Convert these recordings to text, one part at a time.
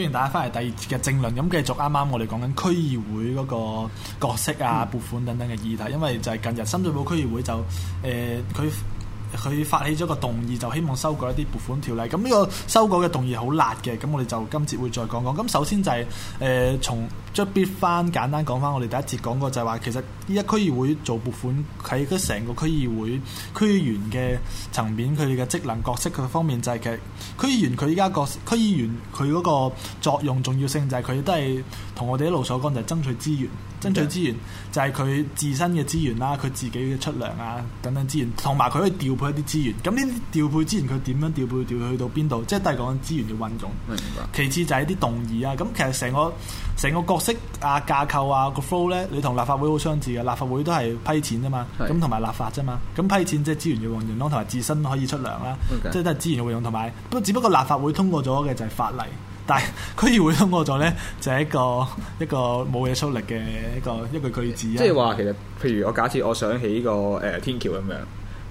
歡迎大家翻嚟第二節嘅政論，咁繼續啱啱我哋講緊區議會嗰個角色啊、嗯、撥款等等嘅議題，因為就係近日深水埗區議會就誒佢佢發起咗個動議，就希望修改一啲撥款條例，咁呢個修改嘅動議好辣嘅，咁我哋就今節會再講講。咁首先就係、是、誒、呃、從。將 b a 翻簡單講翻，我哋第一節講過就係話，其實依一區議會做撥款喺佢成個區議會區議員嘅層面，佢嘅職能角色嘅方面，就係佢區議員佢依家個區議員佢嗰個作用重要性，就係佢都係同我哋一路所講，就係爭取資源，爭取資源就係佢自身嘅資源啦，佢自己嘅出糧啊等等資源，同埋佢可以調配一啲資源。咁呢啲調配資源佢點樣調配，調去到邊度？即係都係講資源嘅運作。明白。其次就係一啲動議啊。咁其實成個成個國。識啊架構啊、個 flow 咧，你同立法會好相似嘅，立法會都係批錢啊嘛，咁同埋立法啫嘛，咁批錢即係資源嘅運用，同埋自身可以出糧啦，即係 Okay. 都係資源嘅運用，同埋不過只不過立法會通過咗嘅就係法例，但係區議會通過咗咧就係、是、一個一個冇嘢出力嘅一個一個句，句子、啊。即係話其實，譬如我假設我想起、個誒、呃、天橋咁樣，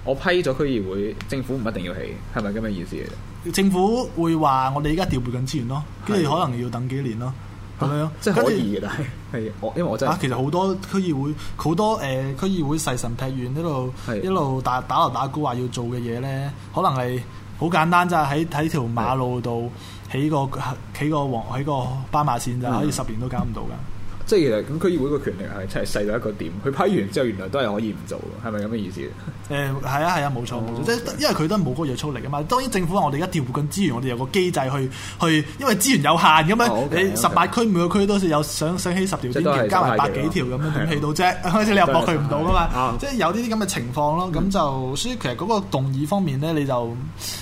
我批咗區議會，政府唔一定要起，係咪咁嘅意思？政府會話我哋而家調配緊資源咯，跟住可能要等幾年咯。的咁樣，啊、即係可以嘅，但係係我，是因為我真係嚇、啊，其實好多區議會，好多誒、呃、區議會誓神劈願呢度，一路是的 打打鑼打鼓話要做嘅嘢咧，可能係好簡單咋，喺喺條馬路度起個是的 起個黃，起個斑馬線就是的 可以十年都搞唔到㗎。是的 即係咁，區議會個權力係真係細到一個點。佢批完之後，原來都係可以唔做，係咪咁嘅意思？誒，係啊，係啊，冇錯冇錯。即係因為佢都冇嗰個約束力啊嘛。當然政府我哋而家調撥緊資源，我哋有個機制去去，因為資源有限咁樣。你十八區每個區都係有想想起十條線，加埋百幾條咁樣點起到啫？開始你又駁佢唔到噶嘛？即係有呢啲咁嘅情況咯。咁就所以其實嗰個動議方面咧，你就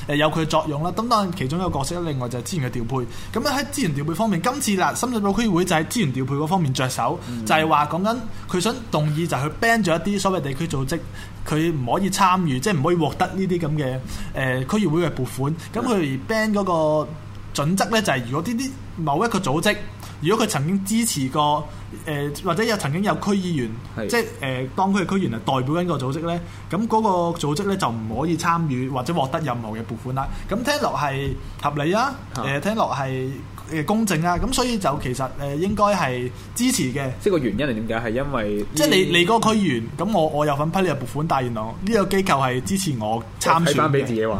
誒有佢嘅作用啦。咁當然其中一個角色另外就係資源嘅調配。咁咧喺資源調配方面，今次嗱，深水埗個區議會就喺資源調配嗰方面。着手、嗯、就係話，講緊佢想動議，就係去 ban 咗一啲所謂地區組織，佢唔可以參與，即係唔可以獲得呢啲咁嘅誒區議會嘅撥款。咁佢 ban 嗰個準則咧，就係、是、如果呢啲某一個組織。如果佢曾經支持過誒、呃，或者有曾經有區議員，即係誒、呃、當區嘅區議員嚟代表緊個組織咧，咁嗰個組織咧就唔可以參與或者獲得任何嘅撥款啦。咁聽落係合理啊，誒、呃、聽落係誒公正啊。咁所以就其實誒應該係支持嘅。即係、嗯、個原因係點解？係因為即係你你嗰個區議員，咁我我有份批你個撥款，但係原來呢個機構係支持我參選。俾自己玩，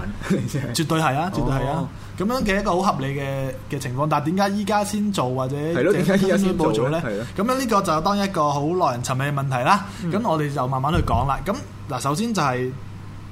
絕對係啊，絕對係啊。是咁樣嘅一個好合理嘅嘅情況，但係點解依家先做或者即係新聞先報咗咧？咁樣呢個就當一個好耐人尋味嘅問題啦。咁、嗯、我哋就慢慢去講啦。咁嗱，首先就係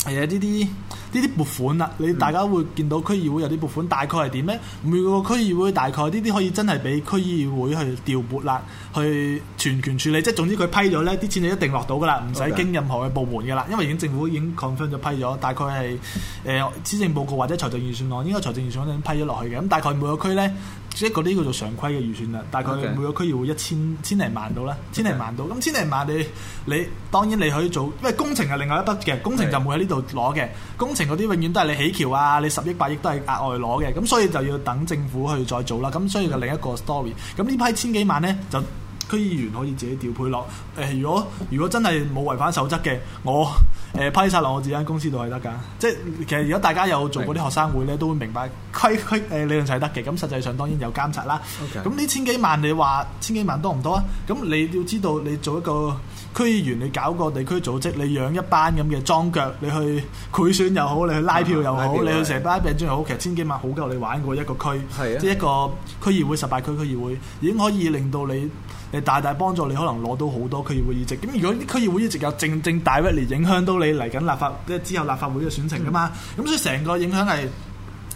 係有呢啲。呢啲撥款啦，嗯、你大家會見到區議會有啲撥款，大概係點呢？每個區議會大概呢啲可以真係俾區議會去調撥啦，去全權處理。即係總之佢批咗呢啲錢就一定落到噶啦，唔使經任何嘅部門噶啦。Okay. 因為已經政府已經 confirm 咗批咗，大概係誒、呃、施政報告或者財政預算案，應該財政預算案已經批咗落去嘅。咁大概每個區呢，即嗰啲叫做常規嘅預算啦。大概每個區要一千千零萬到啦，千零萬到。咁千零萬，Okay. 萬,萬你你，你當然你可以做，因為工程係另外一筆嘅，工程就唔會喺呢度攞嘅，工程。工程嗰啲永遠都係你起橋啊，你十億八億都係額外攞嘅，咁所以就要等政府去再做啦，咁所以就另一個 story。咁呢批千幾萬呢，就～區議員可以自己調配落誒、呃，如果如果真係冇違反守則嘅，我誒、呃、批晒落我自己間公司度係得㗎。即係其實如果大家有做過啲學生會咧，的都會明白規規理論就係得嘅。咁、呃、實際上當然有監察啦。咁呢 Okay. 千幾萬你話千幾萬多唔多啊？咁你要知道你做一個區議員，你搞個地區組織，你養一班咁嘅莊腳，你去賄選又好，你去拉票又好，啊、好你去成班人中又好，啊、其實千幾萬好夠你玩過一個區。的即係一個區議會十八區區議會已經可以令到你。大大幫助你可能攞到好多區議會議席，咁如果啲區議會議席有正正大威力影響到你嚟緊立法之後立法會嘅選情㗎嘛，咁、嗯、所以成個影響係。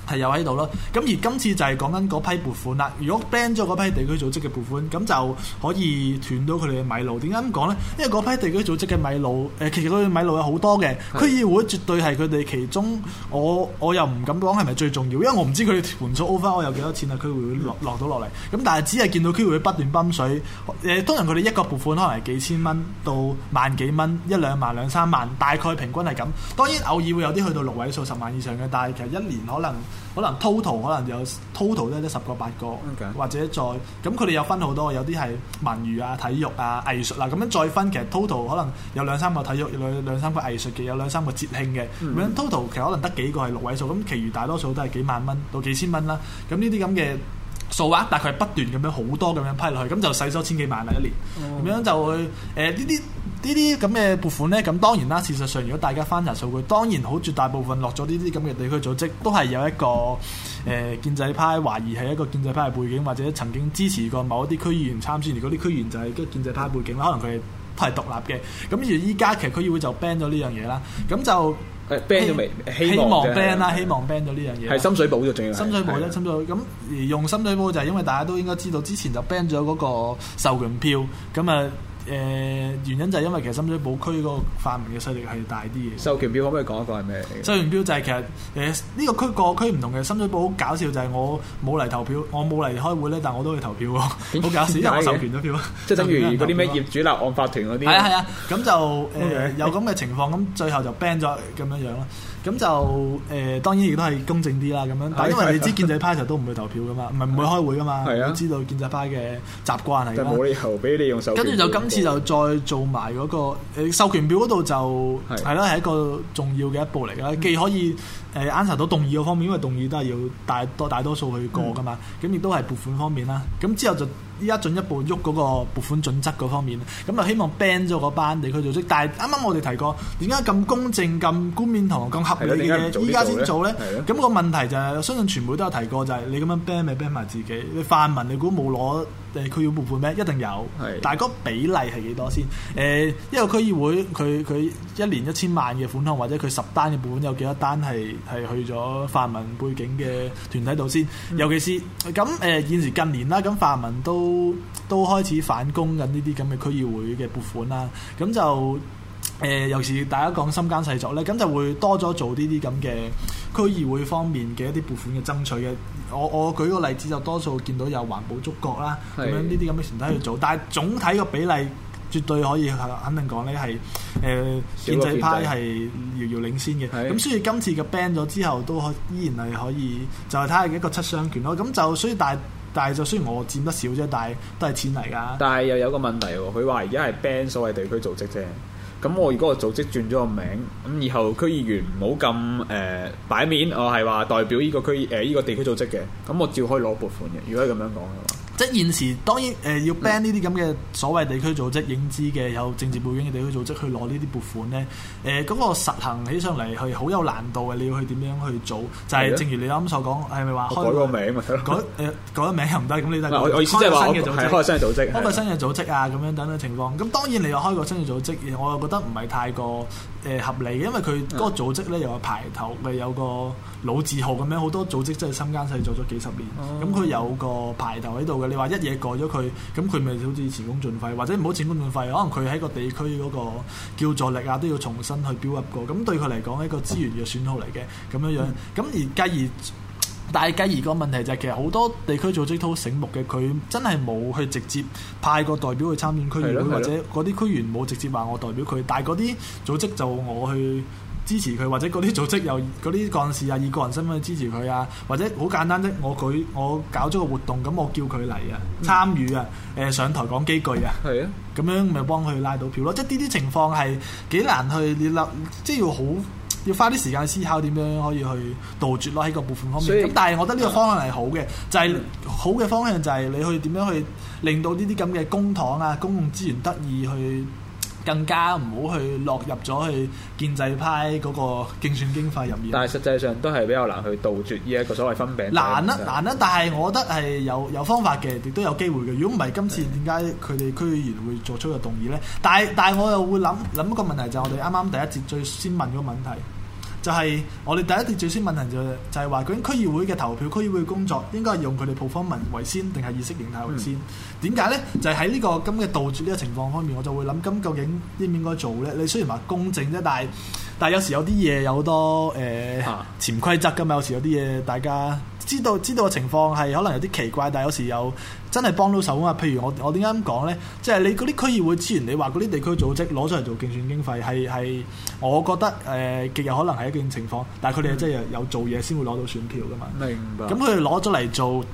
係有喺度咯，咁而今次就係講緊嗰批撥款啦。如果 ban 咗嗰批地區組織嘅撥款，咁就可以斷到佢哋嘅米路。點解咁講呢？因為嗰批地區組織嘅米路，誒其實佢嘅米路有好多嘅，是的 區議會絕對係佢哋其中。我我又唔敢講係咪最重要，因為我唔知佢哋盤數 over 我有幾多錢啊？區議會落落到落嚟。咁但係只係見到區議會不斷泵水。誒，當然佢哋一個撥款可能係幾千蚊到萬幾蚊，一兩萬、兩三萬，大概平均係咁。當然偶爾會有啲去到六位數、十萬以上嘅，但係其實一年可能。可能 total 可能有 total 咧，得十個八個，Okay. 或者再咁佢哋有分好多，有啲係文娛啊、體育啊、藝術啦、啊，咁樣再分。其實 total 可能有兩三個體育，有兩三個藝術嘅，有兩三個節慶嘅。咁、mm hmm. total 其實可能得幾個係六位數，咁，其餘大多數都係幾萬蚊到幾千蚊啦。咁呢啲咁嘅數額，大概不斷咁樣好多咁樣批落去，咁就使咗千幾萬啦一年。咁、mm hmm. 樣就會誒呢啲。呃呢啲咁嘅撥款呢，咁當然啦。事實上，如果大家翻查數據，當然好絕大部分落咗呢啲咁嘅地區組織，都係有一個誒、呃、建制派懷疑係一個建制派嘅背景，或者曾經支持過某一啲區議員參選，而嗰啲區議員就係個建制派背景啦。可能佢係都係獨立嘅。咁而依家其實區議會就 ban 咗呢樣嘢啦。咁就 ban 咗未？希望 ban 啦，希望 ban 咗呢樣嘢。係深水埗就仲要深水埗咧，深水埗咁而是用深水埗就因為大家都應該知道之前就 ban 咗嗰個授權票咁啊。誒、呃、原因就係因為其實深水埗區嗰個泛民嘅勢力係大啲嘅。授權表可唔可以講一個係咩嚟？授權表就係其實誒呢、呃呢個區個區唔同嘅，深水埗好搞笑就係我冇嚟投票，我冇嚟開會咧，但我都要投票好 搞笑， 因為我授權咗票即係 表等於嗰啲咩業主立案法團嗰啲。係啊係啊，咁、 啊啊、就誒、呃、Okay. 有咁嘅情況，咁 最後就 ban 咗咁樣樣咯。咁就誒、呃、當然亦都係公正啲啦，咁樣，但係因為你知建制派就都唔會投票噶嘛，唔係唔會開會噶嘛，知道建制派嘅習慣係啦。冇理由俾你用授權。跟住就今次就再做埋嗰、嗰個、呃、授權表嗰度就係咯，係 一個重要嘅一步嚟嘅，既可以誒啱到動議嗰方面，因為動議都係要大多大多數去過噶嘛，咁亦都係撥款方面啦，咁之後就。依家進一步喐嗰個撥款準則嗰方面，咁就希望 ban 咗嗰班地區組織。但係啱啱我哋提過，點解咁公正、咁冠冕堂皇、咁合理嘅嘢，依家先做咧？咁、嗯、個問題就係、是，相信全部都有提過，就係、是、你咁樣 ban 咪 ban 埋自己，你泛民你估冇攞？誒佢要撥款咩？一定有，的但係嗰比例係幾多先？誒、呃、一個區議會佢佢一年一千萬嘅款項，或者佢十單嘅撥款有幾多單係係去咗泛民背景嘅團體度先？尤其是咁誒、呃、現時近年啦，咁泛民都都開始反攻緊呢啲咁嘅區議會嘅撥款啦。咁就、呃、尤其是大家講深耕細作咧，咁就會多咗做呢啲咁嘅區議會方面嘅一啲撥款嘅爭取嘅。我我舉個例子就多數見到有環保觸覺啦，咁的樣呢啲咁嘅前提去做，嗯、但係總體個比例絕對可以肯定講咧係誒建制派係遙遙領先嘅，咁所以今次嘅 ban 咗之後都可依然係可以，就係睇下一個七雙拳咯。咁就所以但係但係就雖然我佔得少啫，但係都係錢嚟㗎。但係又有一個問題喎，佢話而家係 ban 所謂地區組織啫。咁我如果個組織轉咗個名，咁以後區議員唔好咁誒擺面，我係話代表呢個區誒呢、呃呢個地區組織嘅，咁我照可以攞撥款嘅，如果係咁樣講嘅話。即係現時當然誒、呃、要 ban 呢啲咁嘅所謂地區組織認知嘅有政治背景嘅地區組織去攞呢啲撥款咧，誒嗰個實行起上嚟係好有難度嘅，你要去點樣去做？就係、是、正如你啱啱所講，係咪話改個名咪改誒 改咗、呃、名又唔得，咁你得開個新嘅組織，開個新嘅組織，開個新嘅組織啊咁樣等等情況。咁當然你又開個新嘅組織，我又覺得唔係太過誒、呃、合理嘅，因為佢嗰個組織咧又、嗯、有牌頭咪有個老字號咁樣，好多組織真係生根勢做咗幾十年，咁佢、嗯、有個牌頭喺度嘅。你話一嘢改咗佢，咁佢咪好似前功盡廢？或者唔好前功盡廢，可能佢喺個地區嗰個叫助力啊，都要重新去標泣過。咁對佢嚟講，係一個資源嘅損耗嚟嘅咁樣樣。咁、嗯、而繼而，但係繼而個問題就係、是，其實好多地區組織都好醒目嘅，佢真係冇去直接派個代表去參選區議會，或者嗰啲區議員冇直接話我代表佢，但係嗰啲組織就我去，支持佢，或者嗰啲組織又嗰啲幹事啊，以個人身份去支持佢啊，或者好簡單啫，我佢我搞咗個活動，咁我叫佢嚟啊，參與啊，誒、嗯呃、上台講幾句啊，係啊、嗯，咁樣咪幫佢拉到票咯，即係呢啲情況係幾難去你諗，即、就、係、是、要好要花啲時間思考點樣可以去杜絕咯喺個部分方面。咁以但係我覺得呢個方向係好嘅，嗯、就係好嘅方向就係你去點樣去令到呢啲咁嘅公帑啊、公共資源得以去。更加唔好去落入咗去建制派嗰個競選經費入面。但係實際上都係比較難去杜絕呢一個所謂分餅啊。難啦，難啦，但係我覺得係有有方法嘅，亦都有機會嘅。如果唔係今次點解佢哋區議員會作出個動議咧？但係但係我又會諗諗一個問題，就係我哋啱啱第一節最先問嗰個問題。就係我哋第一條最先問題就係就係話，究竟區議會嘅投票、區議會嘅工作，應該係用佢哋普方文為先，定係意識形態為先？點解、嗯、呢？就係喺呢個咁嘅杜絕呢個情況方面，我就會諗：咁究竟應唔應該做呢？你雖然話公正啫，但係但係有時有啲嘢有好多誒、呃啊、潛規則㗎嘛。有時有啲嘢大家知道知道嘅情況係可能有啲奇怪，但係有時有。真係幫到手啊！譬如我我點解咁講呢？即係你嗰啲區議會資源，你話嗰啲地區組織攞出嚟做競選經費，係係我覺得誒、呃、極有可能係一件情況。但係佢哋真係有做嘢先會攞到選票㗎嘛？明白。咁佢哋攞咗嚟做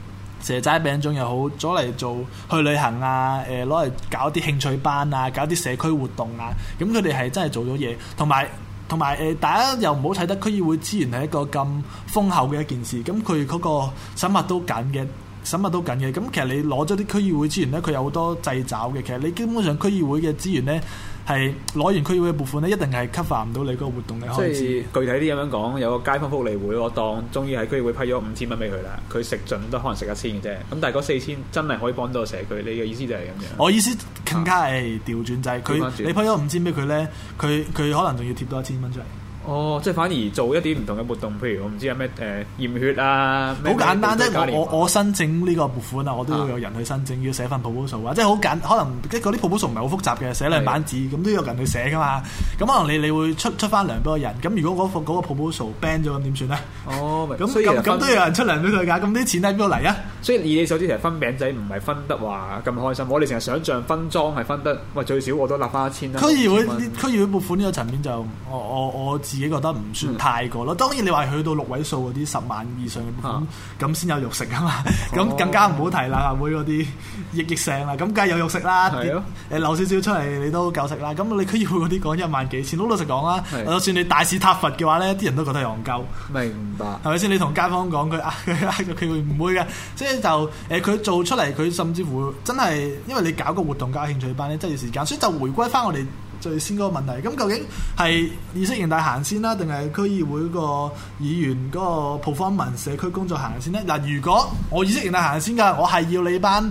蛇齋餅糉又好，攞嚟做去旅行啊誒，攞、呃、嚟搞啲興趣班啊，搞啲社區活動啊。咁佢哋係真係做咗嘢，同埋同埋誒大家又唔好睇得區議會資源係一個咁豐厚嘅一件事。咁佢嗰個審核都緊嘅。什物都緊嘅，咁其實你攞咗啲區議會資源咧，佢有好多掣找嘅。其實你基本上區議會嘅資源咧，係攞完區議會部款咧，一定係吸 o 唔到你個活動嘅。以即係、嗯、具體啲咁樣講，有個街坊福利會，我當終於喺區議會批咗五千蚊俾佢啦。佢食盡都可能食一千嘅啫。咁但係嗰四千真係可以幫到社佢。你嘅意思就係咁樣。我意思更加係、啊、調轉制、就是，佢轉你批咗五千俾佢咧，佢佢可能仲要貼多一千蚊出嚟。哦，即係反而做一啲唔同嘅活動，譬如我唔知有咩誒驗血啊，好簡單啫！我我申請呢個撥款啊，我都要有人去申請，啊、要寫份 proposal 啊，即係好簡，可能即係嗰啲 proposal 唔係好複雜嘅，寫兩版紙咁都有人去寫噶嘛。咁可能你你會出出翻糧俾個人，咁如果嗰個嗰個 proposal ban 咗，咁點算咧？哦，咁咁 那都有人出糧俾佢㗎，咁啲錢喺邊度嚟啊？啊，所以以你所知，其實分餅仔唔係分得話咁開心，我哋成日想象分贓係分得，喂最少我都攬翻一千啦。區議會問區議會撥款呢個層面就我我我。我我我自己覺得唔算太過咯，嗯、當然你話去到六位數嗰啲十萬以上咁，咁先、啊、有肉食啊嘛，咁、哦、更加唔好提啦，會嗰啲億億聲啦，咁梗係有肉食啦，誒留是、啊、少少出嚟你都夠食啦，咁你佢要嗰啲講一萬幾千，好老實講啦，是啊、就算你大肆撻伐嘅話咧，啲人都覺得戇鳩。明白係咪先？你同街坊講佢佢佢會唔會嘅？即係就誒，佢做出嚟佢甚至乎真係，因為你搞個活動搞興趣班咧，真係要時間，所以就回歸翻我哋。最先嗰個問題，咁究竟係意識形態行先啦、啊，定係區議會個議員嗰個 performance 社區工作行先呢？嗱，如果我意識形態行先㗎、啊，我係要你班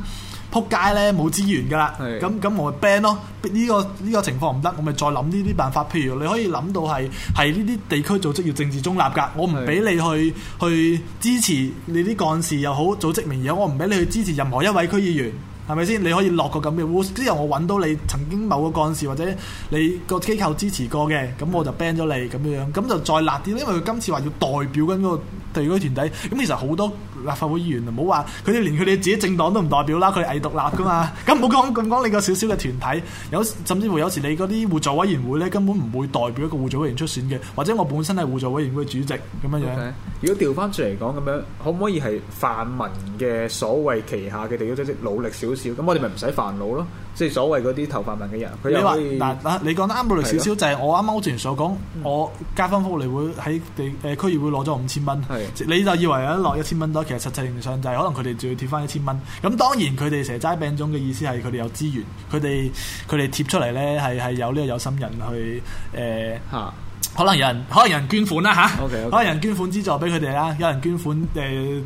仆街呢，冇資源㗎啦，咁咁是我咪 ban 咯，呢、這個呢、這個情況唔得，我咪再諗呢啲辦法。譬如你可以諗到係係呢啲地區組織要政治中立㗎，我唔俾你去是去支持你啲幹事又好，組織名義，我唔俾你去支持任何一位區議員。係咪先？你可以落個咁嘅喎，之後我揾到你曾經某個幹事或者你個機構支持過嘅，咁我就 ban 咗你咁樣樣，咁就再辣啲，因為佢今次話要代表緊嗰個地區團體，咁其實好多。立法會議員唔好話佢哋連佢哋自己政黨都唔代表啦，佢哋偽獨立噶嘛，咁唔好講咁講你個小小嘅團體，有甚至乎有時你嗰啲互助委員會呢，根本唔會代表一個互助委員出選嘅，或者我本身係互助委員會主席咁樣 Okay. 樣。如果調翻轉嚟講咁樣，可唔可以係泛民嘅所謂旗下嘅地方組織、即係、努力少少，咁我哋咪唔使煩惱咯？即係所謂嗰啲頭髮白嘅人，佢有嗱你講說 得啱到嚟少少，的就係我啱啱好之前所講，嗯、我加分福利會喺地誒、呃、區議會攞咗五千蚊，的你就以為有一攞一千蚊多，其實實際上就係可能佢哋仲要貼翻一千蚊。咁當然佢哋蛇齋餅糭嘅意思係佢哋有資源，佢哋佢哋貼出嚟咧係係有呢個有心人去誒，呃、哈可能有人可能有人捐款啦、啊、嚇，okay, okay. 可能有人捐款資助俾佢哋啦，有人捐款誒。呃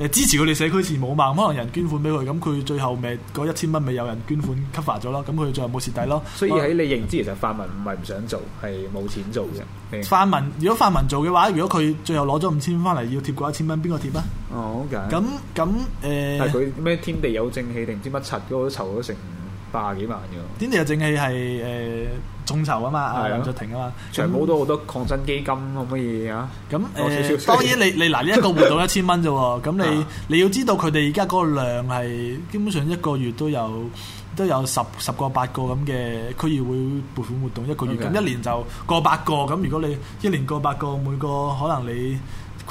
誒支持佢哋社區事務嘛？可能人捐款俾佢，咁佢最後咪嗰一千蚊咪有人捐款 cover 咗咯。咁佢最後冇蝕底咯。所以喺你認知，嗯、其實泛民唔係唔想做，係冇錢做嘅。嗯、泛民如果泛民做嘅話，如果佢最後攞咗五千蚊翻嚟要貼嗰一千蚊，邊個貼啊？哦，好、okay. 嘅。咁咁誒，係佢咩天地有正氣定唔知乜柒嗰個都籌咗成八廿幾萬嘅。天地有正氣係誒。呃眾籌啊嘛，阿林卓廷啊嘛，全部都好多抗爭基金咁乜嘢啊。咁誒，呃、小小小當然你 你嗱，呢一個活動一千蚊啫喎。咁你你要知道佢哋而家嗰個量係基本上一個月都有都有十十個八個咁嘅區議會撥款活動一個月咁，Okay. 一年就過百個咁。如果你一年過百個每個，可能你。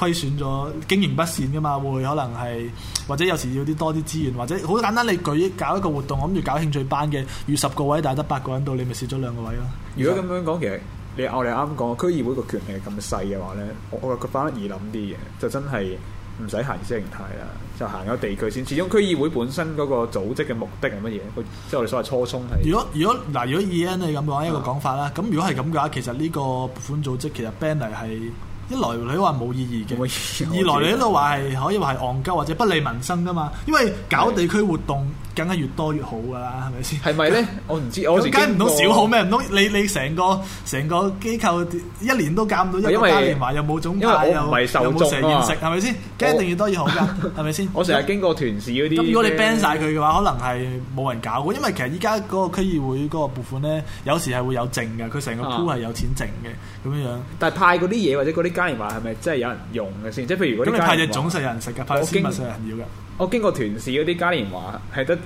虧損咗，經營不善噶嘛，會可能係或者有時要啲多啲資源，或者好簡單，你舉搞一個活動，我諗住搞興趣班嘅，預十個位，但係得八個人到，你咪蝕咗兩個位咯。如果咁樣講，其實你我哋啱講，區議會個權力係咁細嘅話咧，我我覺得反而諗啲嘢，就真係唔使行形式型態啦，就行咗地區先。始終區議會本身嗰個組織嘅目的係乜嘢？嗯、即係我哋所謂初衷係。如果如果嗱，如果 E N 你咁講一個講法啦，咁、嗯、如果係咁嘅話，其實呢個撥款組織其實 band 嚟係。一來你話冇意義嘅， 二來你喺度話係可以話係戇鳩或者不利民生㗎嘛，因為搞地區活動。梗係越多越好㗎啦，係咪先？係咪咧？我唔知，我唔係唔到少好咩？唔通你你成個成個機構一年都搞唔到一個嘉年華，又冇總派又冇成宴食，係咪先？梗一定越多越好㗎，係咪先？我成日經過團市嗰啲。如果你 ban 晒佢嘅話，可能係冇人搞㗎，因為其實依家嗰個區議會嗰個撥款咧，有時係會有剩嘅，佢成個 pool 係有錢剩嘅，咁樣樣。但係派嗰啲嘢或者嗰啲嘉年華係咪真係有人用嘅先？即係譬如咁你派隻總實有人食㗎，派啲食物實有人要㗎。我經過屯市嗰啲嘉年華，係得，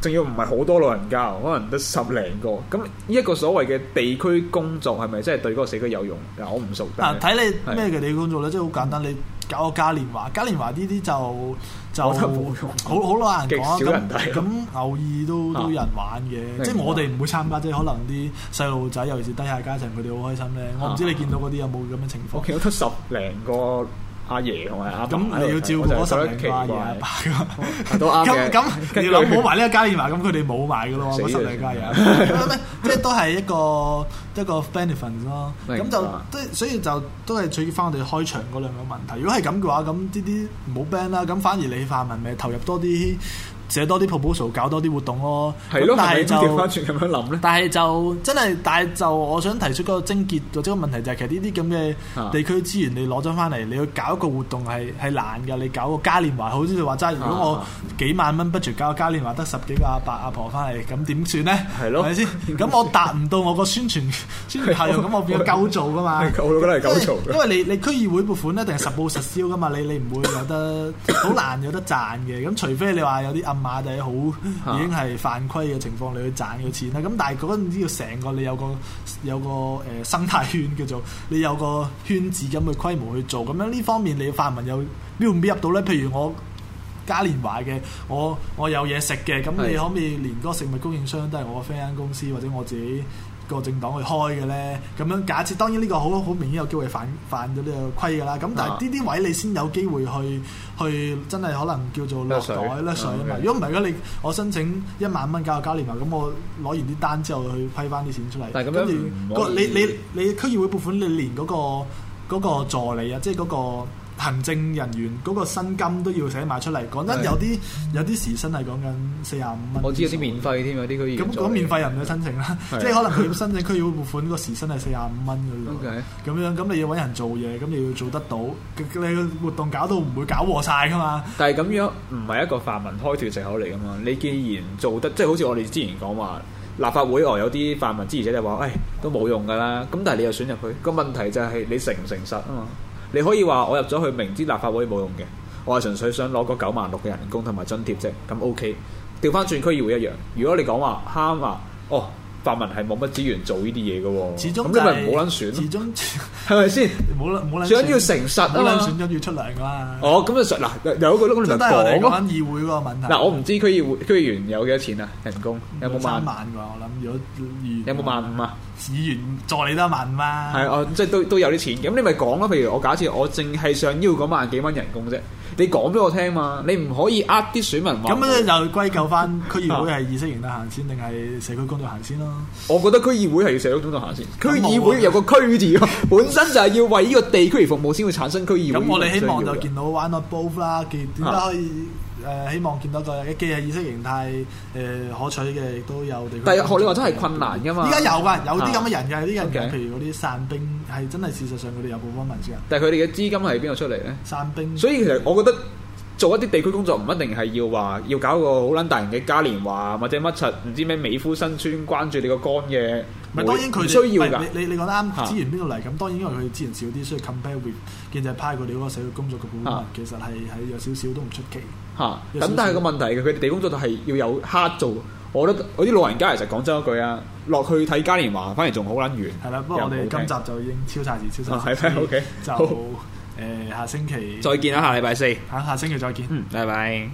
仲要唔係好多老人家，可能得十零個。咁呢一個所謂嘅地區工作，係咪真係對嗰個社區有用？嗱，我唔熟。嗱，睇你咩嘅地區工作咧，即係好簡單，你搞個嘉年華，嘉年華呢啲就就好好難人講，咁咁偶爾都都有人玩嘅，即係我哋唔會參加啫。可能啲細路仔，尤其是低下階層，佢哋好開心咧。我唔知你見到嗰啲有冇咁嘅情況？其實都十零個。阿爺同埋阿，咁你要照顧嗰十零阿爺阿爸咁，咁咁你諗冇埋呢個嘉年華咁，佢哋冇買嘅咯嗰死了 十零家人，即係 都係一個 一個 benefit 咯。咁白就即所以就都係取決翻我哋開場嗰兩個問題。如果係咁嘅話，咁呢啲唔好 ban 啦。咁反而你泛民咪投入多啲。寫多啲 proposal，搞多啲活動咯。係咯，但係就係咪真係，但係就我想提出個症結或者個問題就係、是，其實呢啲咁嘅地區資源你攞咗翻嚟，你要搞一個活動係係難嘅。你搞個嘉年華好似你話齋，如果我幾萬蚊不著搞個嘉年華得十幾個阿伯阿婆翻嚟，咁點算咧？係咯，係咪先？咁 我達唔到我個宣傳 宣傳效係咁，我變咗夠做噶嘛？我，我，為我覺得係夠做，因為你你區議會撥款一定係實報實銷噶嘛？你你唔會有得好 難有得賺嘅。咁除非你話有啲。馬仔好已經係犯規嘅情況，你去賺佢錢啦。咁但係嗰陣唔知要成個你有個有個誒生態圈，叫做你有個圈子咁嘅規模去做。咁樣呢方面你泛民有瞄唔瞄入到呢？譬如我嘉年華嘅，我我有嘢食嘅，咁你可唔可以連嗰食物供應商都係我 friend 公司或者我自己？個政黨去開嘅咧，咁樣假設當然呢個好好明顯有機會犯犯咗呢個規㗎啦。咁但係呢啲位你先有機會去去真係可能叫做落袋甩水啊嘛。水 okay. 如果唔係，如果你我申請一萬蚊搞個嘉年華嘛，咁我攞完啲單之後去批翻啲錢出嚟。跟住這你會你你，你，你區議會撥款，你連嗰個嗰個助理啊，即係嗰個。行政人員嗰個薪金都要寫埋出嚟，講真有啲有啲時薪係講緊四十五蚊。我知有啲免費添啊，啲佢咁講免費又唔好申請啦，是的 即係可能佢申請區議會撥款個時薪係四十五蚊。咁樣，咁你要揾人做嘢，咁你要做得到，你個活動搞到唔會搞和晒噶嘛？但係咁樣唔係一個泛民開脫借口嚟噶嘛？你既然做得，即係好似我哋之前講話，立法會外有啲泛民支持者就話：，誒都冇用噶啦。咁但係你又選入去，個問題就係你誠唔誠實啊嘛？嗯你可以話我入咗去明知立法會冇用嘅，我係純粹想攞個九萬六嘅人工同埋津貼啫，咁 OK。掉返轉區議會一樣，如果你講話慘話，哦。法文係冇乜資源做呢啲嘢嘅喎，咁你咪唔好撚選，係咪先？冇撚冇撚，最緊要誠實好嘛！選咗要出糧噶嘛。哦，咁就實嗱，有一個咁你咪講咯。都係我哋講議會嗰個問題。嗱，我唔知區議會區議員有幾多錢啊？人工有冇萬萬嘅我諗有二。有冇萬五啊？議員助理得一萬五啊？係哦，即係都都有啲錢嘅。咁你咪講咯。譬如我假設我淨係想要嗰萬幾蚊人工啫。你講俾我聽嘛，你唔可以呃啲選民話。咁咧就歸咎翻區議會係意識形態行先，定係社區工作行先咯？我覺得區議會係要社區工作行先，區議會有個區字，嗯、本身就係要為呢個地區而服務，先會產生區議會。咁、嗯嗯、我哋希望就見到玩到 both 啦，見點解可以？啊誒希望見到個既係意識形態誒、呃、可取嘅，亦都有地方。但係學你話真係困難㗎嘛？依家有㗎，有啲咁嘅人嘅，有啲、啊、人嘅。okay. 譬如嗰啲散兵，係真係事實上佢哋有部分文字㗎。但係佢哋嘅資金係邊度出嚟咧？散兵。所以其實我覺得。做一啲地區工作唔一定係要話要搞個好撚大型嘅嘉年華或者乜柒，唔知咩美孚新村關注你個肝嘅，唔需要噶。你你你講得啱，啊、資源邊度嚟咁？當然因為佢資源少啲，所以 compare with 建制派佢哋嗰個社會工作嘅步伐，啊、其實係係有少少都、啊、有少少都唔出奇。嚇，咁但係個問題嘅，佢地工作就係要有黑做。我覺得我啲老人家其實講真一句啊，落去睇嘉年華反而仲好撚完。係啦，不過我哋今集就已經超晒字，超晒字。o、okay, k 就。下星期再見啦，下禮拜四，下星期再見，嗯，拜拜。